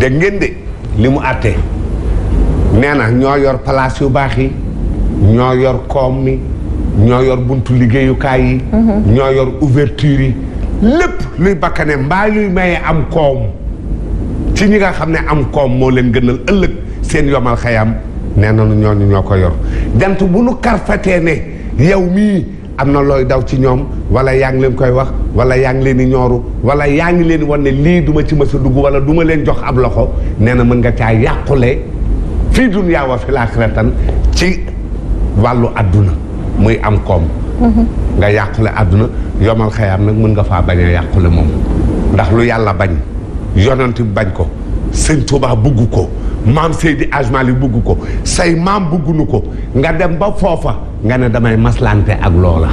dégg ngeen de li mu àtte nee na ñoo yor place yu baax yi ñoo yor koom mi ñoo yor buntu liggéeyukaay yi mhm. ñoo yor ouverture yi lépp luy bakkane mbaa luy maye am koom ci ñi nga xam ne am koom moo leen gën al ëllëg seen yomal xayam nee na ñooñu ñoo ko yor jant bu nu karfatee ne yow am na looy daw ci ñoom wala yaa ngi leen koy wax wala yaa ngi leen di ñooru wala yaa ngi leen wan ne lii du ma ci mës a dugg wala duma leen jox ab loxo nee na mën nga caa yàqule fii dunyaa wa laa laaxiratan ci wàllu àdduna muy am koom nga yàqule àdduna yomal xayaam nag mën nga faa bañ a yàqule moom ndax lu yàlla bañ yonent bañ ko sëñ Tuubaa bugg ko maam Seydi Hadj Malick bugg ko say maam buggunu ko nga dem ba foofa nga ne damay maslante ak loola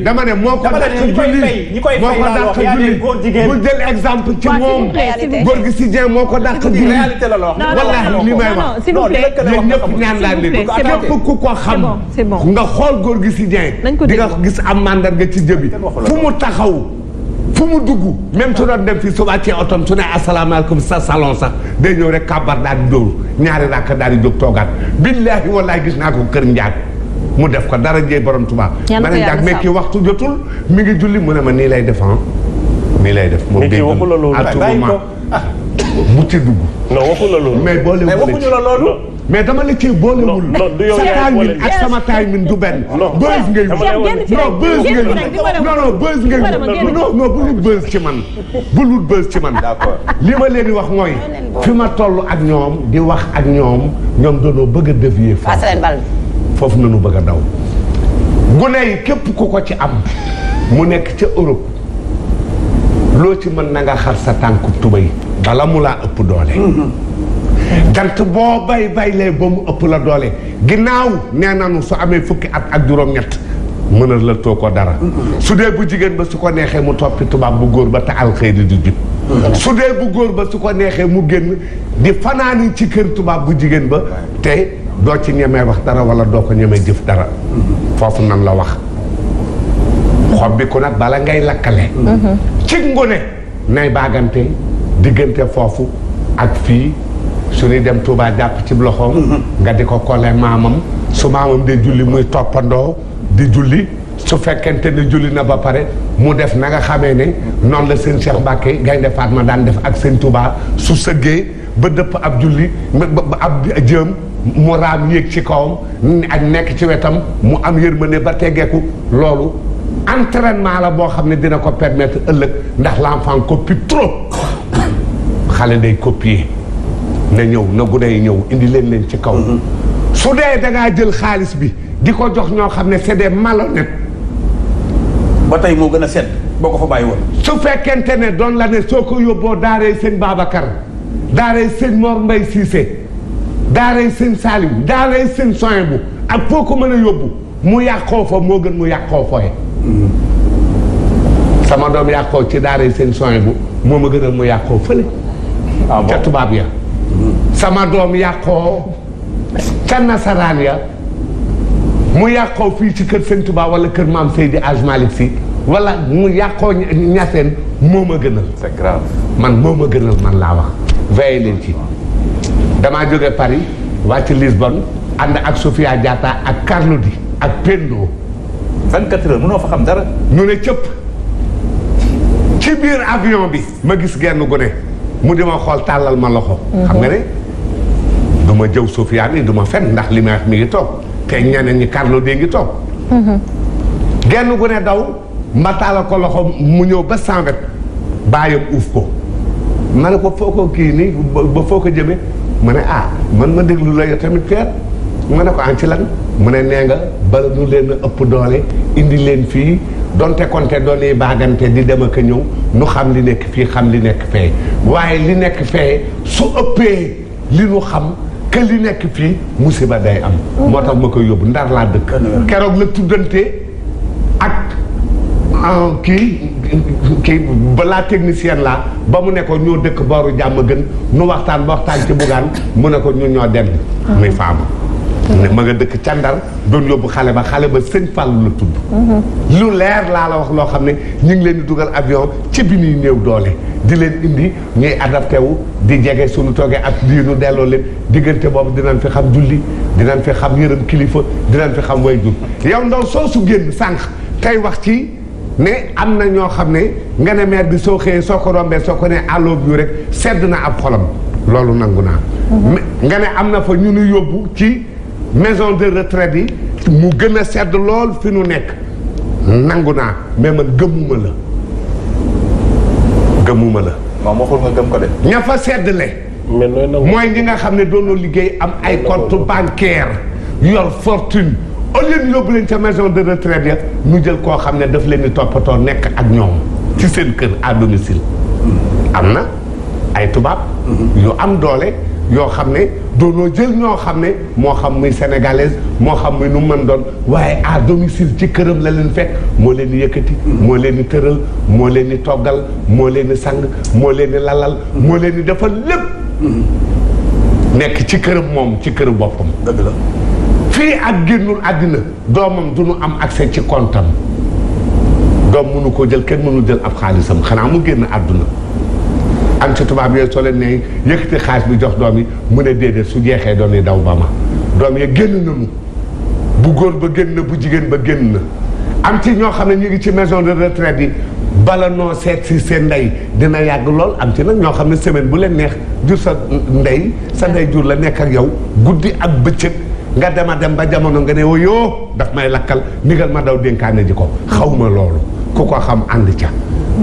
dama ne moo ko dàq julli moo ko dàq julli bu jël exemple ci moom gi si moo ko dàq julli wallaahi li may wax ñun ñëpp ñaan laa leen képp ku ko xam nga xool góor gi si Dieng di nga gis am mandarga ci jëbi fu mu taxaw fu mu dugg même su doon dem fii su wàccee otom su ne asalaamaaleykum sa salon sax day ñëw rek kàbbar daal di dóor ñaari rakk daal di jóg toogaat billaahi wallaahi gis naa ko kër njaat mu def ko dara jëye borom Tuubaa ma ne njaag mais kii waxtu jotul mi ngi julli mu ne ma nii lay def ah. nii lay def moom dégg nga bu ci dugg. non waxu la loolu. mais boolewul la waxuñu la loolu. mais dama la cee boolewul. non du yow yaay boole ak sama taay min du benn. non bëz ngay wut. non bëz ngay wut. non non bëz ngay wut. non non bu lu bëz ci man. bu lu bëz ci man. d'accord li ma leen di wax mooy. fi ma toll ak ñoom di wax ak ñoom ñoom doonoo bëgg a dévier. fas leen bal foofu nanu bëgg a daw gune yi képp ku ko ci am mu nekk ca Europe loo ci mën nanga xar sa tànk tubéy bala mu laa ëpp doole mm-hmm. jant boo bay bay lee ba mu ëpp la doole ginnaaw nee nanu su amee fukki at ak juróom-ñett mënal la too ko dara mm-hmm. su dee bu jigéen ba su ko neexee mu toppi tubaab bu góor ba te alxeyri di jub mm-hmm. su dee bu góor ba su ko neexee mu génn di fanaani ci kër tubaab bu jigéen ba te doo ci ñemee wax dara wala doo ko ñemee jëf dara mm-hmm. foofu nan la wax xob ku nag bala ngay lakkale ci ngune nay baagante diggante foofu ak fii su ñuy dem Touba jàpp ci loxoom nga di ko kole maamam su maamam dee julli muy toppandoo di julli su fekkente ne julli na ba pare mu def na nga xamee ne noonu la seen Cheikh Mbacke Gaynde Fatma daan def ak seen Touba su sëggee ba dëpp ab julli ba ab jëm mu raam yéeg ci kawam ak nekk ci wetam mu am yërmande ba teggeeku loolu entraînement la boo xam ne dina ko permettre ëllëg ndax l'enfant copie trop xale day copier na ñëw na gune yi ñëw indi leen leen ci kaw mm-hmm. su dee dangaa jël xaalis bi di ko jox ñoo xam ne c'est des malhonnêtes. ba tey moo gën a sedd boo ko fa bàyyi woon. su fekkente ne doon la ne soo ko yóbboo daaree seen baabakar daaree sëñ Mor Mbaye Cissé daaree sëñ Salim daaree sëñ soin bu ak foo ko mën a yóbbu mu yàqoo fa moo gën mu yàqoo fooye mm-hmm. sama doom yàqoo ci daaree seen soin bu moo ma gën a mu yàqoo fële. Ah ca tubaab ya. Mm-hmm. sama doom yàqoo ca nasaraan ya. mu yàqoo fii ci kër Sëñ wala kër maam Seydi Aj Malick Si wala mu yàqoo ñaseen moo ma gënal. c'est man moo ma gënal man laa wax. veillé leen ci damaa jóge Paris wàcc Lisbonne ànd ak Sofia Diatta ak Carlo ak Pendo. 24 heures mënoo fa xam dara. ñu ne cëpp ci biir bi ma gis genn gune mu di ma xool tàllal ma loxo. nga ne du ma jëw Sofia bi du ma fen ndax li ma wax mi ngi toog. te ñeneen ñi Carlo dee ngi toog. Mm-hmm. genn gu daw ma ko loxo mu ñëw ba cent vingt bàyyam uuf ko ma ne ko foo ko kii nii ba foo ko jëmee mu ne ah man ma déglu la yow tamit feer ma ne ko an ah, ci lan mu ne nee nga ba ñu leen a ëpp doole indi leen fii donte konte doon yi baagante di dem ak ñëw nu xam li nekk fii xam li nekk fee waaye li nekk fee su ëppee li nu xam que li nekk fii musiba day am. moo tax ma koy yóbbu ndar laa dëkk. keroog la tuddante ak ah, kii kii balaa technicien laa ba mu ne ko ñoo dëkk booru jàmm gën nu waxtaan ba waxtaan ci bugaan mu ne ko ñun ñoo dem ah. muy faama. ma nga dëkk ca Ndar doon yóbbu xale ba xale ba sëñ Fallou la tudd. Mhm. lu leer laa la wax loo xam ne ñu ngi leen di dugal avion ci bi ñuy néew doole di leen indi ñuy adapté wu di jege suñu toogee ak diinu delloo leen diggante boobu dinañ fi xam julli dinañ fi xam yërëm kilifa dinañ fi xam way jur yow ndox soo su génn sànq tey wax ci ne am na ñoo xam ne nga bi soo xëyee soo ko rombee soo ko nee àlloo bi rek sedd na ab xolam loolu nangu mhm. am na fa ñu nu yóbbu ci. maison de retraite yi mu gën a sedd lool fi nu nekk nangu naa mais man gëmuma la gëmuma la. waaw moo ko de. ña fa seddale. mais mooy ñi nga xam ne doonoo liggéey am ay compte bancaire yor fortune au lieu ñu yóbbu leen ca maison de retraite ya ñu jël koo xam ne daf leen di toppatoo nekk ak ñoom ci seen kër à domicile am na. ay tubaab. Mhm. yu am doole yoo xam ne doonoo jël ñoo xam ne moo xam muy sénégalaise moo xam muy nu mën doon waaye à sil ci këram la leen fekk moo leen di yëkkati. Mhm. moo leen di tëral moo leen di toggal moo leen sang moo leen lalal. Mhm. moo leen di defal lépp. nekk ci këram moom ci këru boppam. dëgg la fii ak génnul àddina doomam du nu am accès ci kontam doom mënu koo jël kenn mënul jël ab xaalisam xanaa mu génn àdduna. ak sa tubaab yooyu soo leen nee yëkkati xaalis bi jox doom yi mu ne déedéet su jeexee doom yi daw ba ma doom ya génn nañu bu góor ba génn na bu jigéen ba génn na am ci ñoo xam ne ñu ngi ci maison de retraite yi bala noo seet si seen ndey dina yàgg lool am ci nag ñoo xam ne semaine bu leen neex jur sa ndey sa ndey jur la nekk ak yow guddi ak bëccëg nga dema dem ba jamono nga ne woo yoo daf may lakkal ndigal ma daw dénkaane ji ko xaw ma loolu ku ko xam ànd ca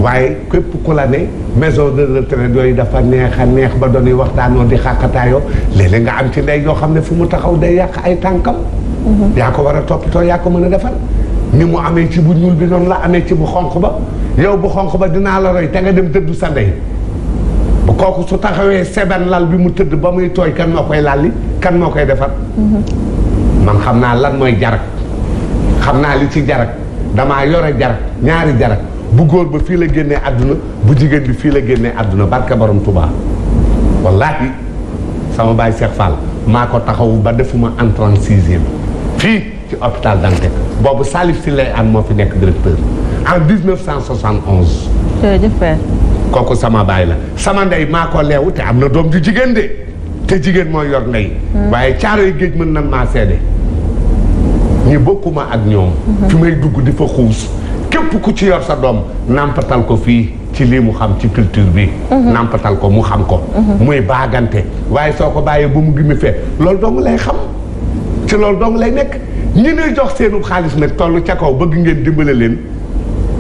waaye képp ku la ne maison de retraite yooyu dafa neex a neex ba doon waxtaanoo di xàqataayoo léeg-léeg am ci ndey yoo xam ne fu mu taxaw day yàq ay tànkam. Mhm. yaa ko war a toppatoo yaa ko mën a defal. ni mu amee ci bu ñuul bi noonu la amee ci bu xonq ba yow bu xonq ba dinaa la roy te nga dem tëdd sa ndey bu kooku su taxawee seban lal bi mu tëdd ba muy tooy kan moo koy lalli kan moo koy defar. Mhm. man xam naa lan mooy jarak xam naa li ci jarak damaa yore jarak ñaari jarak. bu góor ba fii la génnee àdduna bu jigéen bi fii la génnee àdduna barka borom Touba wallaahi sama baay Cheikh Fall maa ko taxawu ba defuma en 36e fii ci hôpital Dantec boobu Salif si lay am moo fi nekk directeur en 1971. jërëjëf Père. kooku sama baay la sama ndey maa ko leewu te am na doom ju jigéen de te jigéen mooy yor ndey. Hmm. waaye caaro yi géej mën nan maa seede. ñi bokkuma ak ñoom. Hmm. fi may dugg di fa xuus. képp ku ci yor sa doom nàmpatal ko fii ci lii mu xam ci culture bi mhm. nàmpatal ko mu xam ko mhm. muy baagante waaye soo ko bàyyee ba mu gimmi fee loolu doom lay xam ci loolu dong lay nekk ñi ñuy jox seenu xaalis nag toll ca kaw bëgg ngeen dimbale leen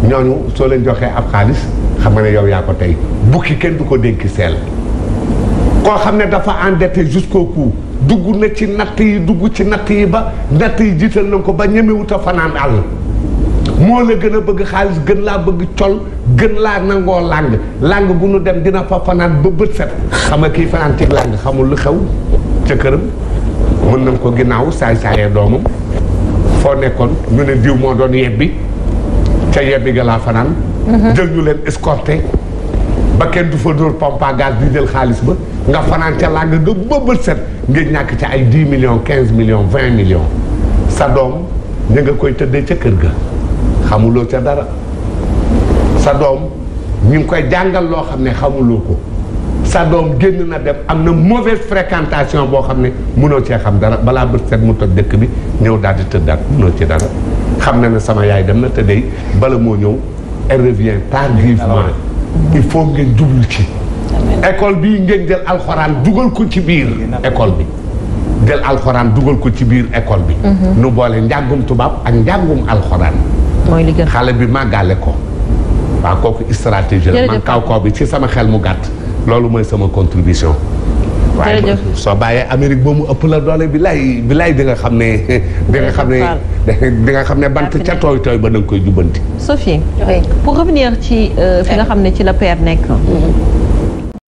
ñooñu soo leen joxee ab xaalis xam nga ne yow yaa ko tey bukki kenn du ko dénki seel koo xam ne dafa endetté jusqu'au cou dugg na ci natt yi dugg ci natt yi ba natt yi jiital na ko ba ñemewut fanaan àll moo la gën a bëgg xaalis gën laa bëgg col gën laa nangoo làng làng bu nu dem dina fa fanaan ba bët set xam kii fanaan ci làng xamul lu xew ca këram mën nañ ko ginnaaw saay-saayee doomam foo nekkoon ñu ne diw moo doon yebbi ca yebbi ga laa fanaan mhm. jël ñu leen escorté ba kenn du fa dóor pompe à di jël xaalis ba nga fanaan ca làng nga ba bët set nga ñàkk ca ay 10 millions 15 million 20 millions sa doom ñu nga koy tëddee ca kër ga xamuloo ca dara sa doom ñu ngi koy jàngal loo xam ne xamuloo ko sa doom génn na dem am na mauvaise fréquentation boo xam ne mënoo cee xam dara balaa bët set mu toj dëkk bi ñëw daal di tëddaat mënoo ci dara xam na ne sama yaay dem na te day bala moo ñëw elle revient tardivement il faut ngeen jublu ci école bi ngeen jël alxoraan dugal ko ci biir école bi jël alxoraan dugal ko ci biir école bi mhm. nu boole njàngum tubaab ak njàngum alxoraan mooy li xale bi màggale ko waaw kooku stratégie la man kaw kaw bi ci sama xel mu gàtt loolu mooy sama contribution soo bàyyee Amérique ba mu ëpp la doole bi lay bi lay di xam ne di xam ne di nga xam ne bant ca tooy tooy ba da koy jubbanti Sophie pour revenir ci euh, fi nga xam ne ci la père nekk mm-hmm.